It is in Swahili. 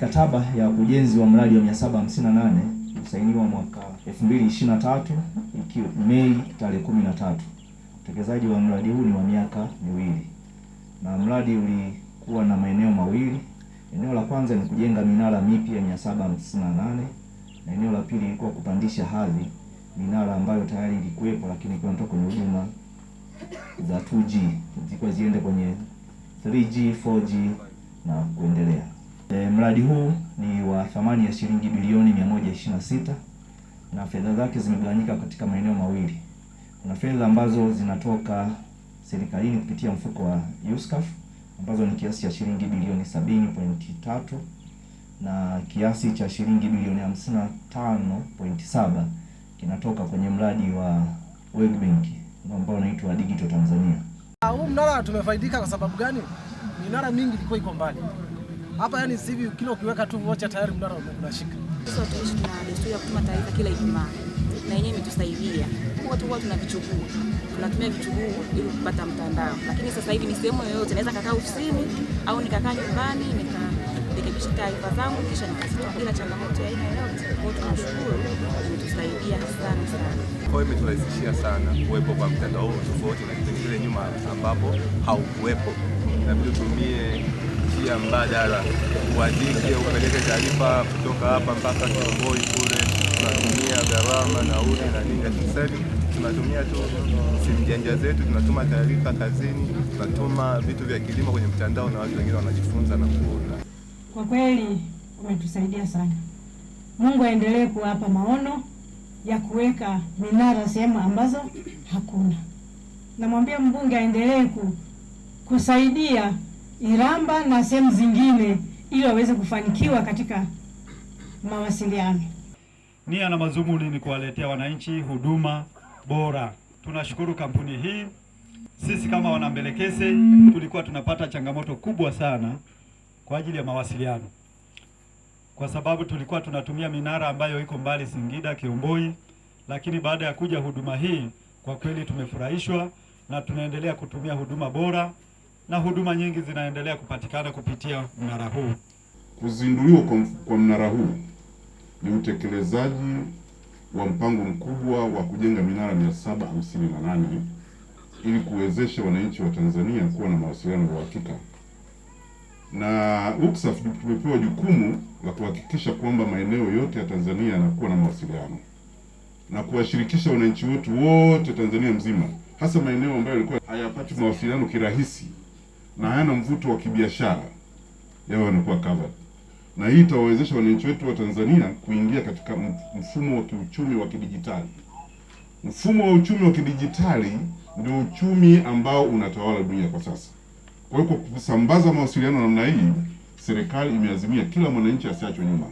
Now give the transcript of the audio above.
Mikataba ya ujenzi wa mradi wa 758 usainiwa mwaka 2023 ikiwa Mei tarehe 13. Utekelezaji wa mradi huu ni wa miaka miwili na mradi ulikuwa na maeneo mawili. Eneo la kwanza ni kujenga minara mipya 758 na eneo la pili ilikuwa kupandisha hadhi minara ambayo tayari ilikuwepo, lakini ikiwa inatoka kwenye huduma za 2G zilikuwa ziende kwenye 3G, 4G na kuendelea. E, mradi huu ni wa thamani ya shilingi bilioni 126 na fedha zake zimegawanyika katika maeneo mawili. Kuna fedha ambazo zinatoka serikalini kupitia mfuko wa USCAF ambazo ni kiasi cha shilingi bilioni 70.3 na kiasi cha shilingi bilioni 55.7 kinatoka kwenye mradi wa World Bank ambao unaitwa Digital Tanzania. Huu mnara tumefaidika kwa sababu gani? Minara mingi ilikuwa iko mbali hapa yani sivi, hivi kila ukiweka tu vocha tayari mdara unashika. Sasa tuishi na desturi ya kutuma taarifa kila Ijumaa na yenyewe imetusaidia. Watu huwa tunavichukua tunatumia vichuguu ili kupata mtandao, lakini sasa hivi ni sehemu yoyote, naweza kakaa ofisini au nikakaa nyumbani nikarekebisha taarifa zangu kisha nikazitoa bila changamoto ya aina yoyote. Kwao tunashukuru, imetusaidia sana sana. Kwao imeturahisishia sana kuwepo kwa mtandao tofauti na kipindi kile nyuma ambapo haukuwepo, nabidi tumie njia mbadala, uandike upeleke taarifa kutoka hapa mpaka Kiboi kule, tunatumia gharama nauli na nini, sasa tunatumia tu simu janja zetu, tunatuma taarifa kazini, tunatuma vitu vya kilimo kwenye mtandao, na watu wengine wanajifunza na kuona. Kwa kweli umetusaidia sana. Mungu aendelee kuwapa maono ya kuweka minara sehemu ambazo hakuna. Namwambia mbunge aendelee kusaidia Iramba na sehemu zingine ili waweze kufanikiwa katika mawasiliano. Nia na mazumuni ni kuwaletea wananchi huduma bora. Tunashukuru kampuni hii. Sisi kama wanambelekese tulikuwa tunapata changamoto kubwa sana kwa ajili ya mawasiliano, kwa sababu tulikuwa tunatumia minara ambayo iko mbali Singida, Kiomboi, lakini baada ya kuja huduma hii, kwa kweli tumefurahishwa na tunaendelea kutumia huduma bora na huduma nyingi zinaendelea kupatikana kupitia mnara huu. Kuzinduliwa kwa mnara huu ni utekelezaji wa mpango mkubwa wa kujenga minara nane ili kuwezesha wananchi wa Tanzania kuwa na mawasiliano ya uhakika, na UCSAF tumepewa jukumu la kuhakikisha kwamba maeneo yote ya Tanzania yanakuwa na mawasiliano na kuwashirikisha wananchi wetu wote Tanzania mzima, hasa maeneo ambayo yalikuwa hayapati mawasiliano kirahisi na hayana mvuto wa kibiashara yawe yanakuwa covered, na hii itawawezesha wananchi wetu wa Tanzania kuingia katika mfumo wa kiuchumi wa kidijitali. Mfumo wa uchumi wa kidijitali ndio uchumi ambao unatawala dunia kwa sasa. Kwa hiyo, kwa kusambaza mawasiliano namna hii, serikali imeazimia kila mwananchi asiachwe nyuma.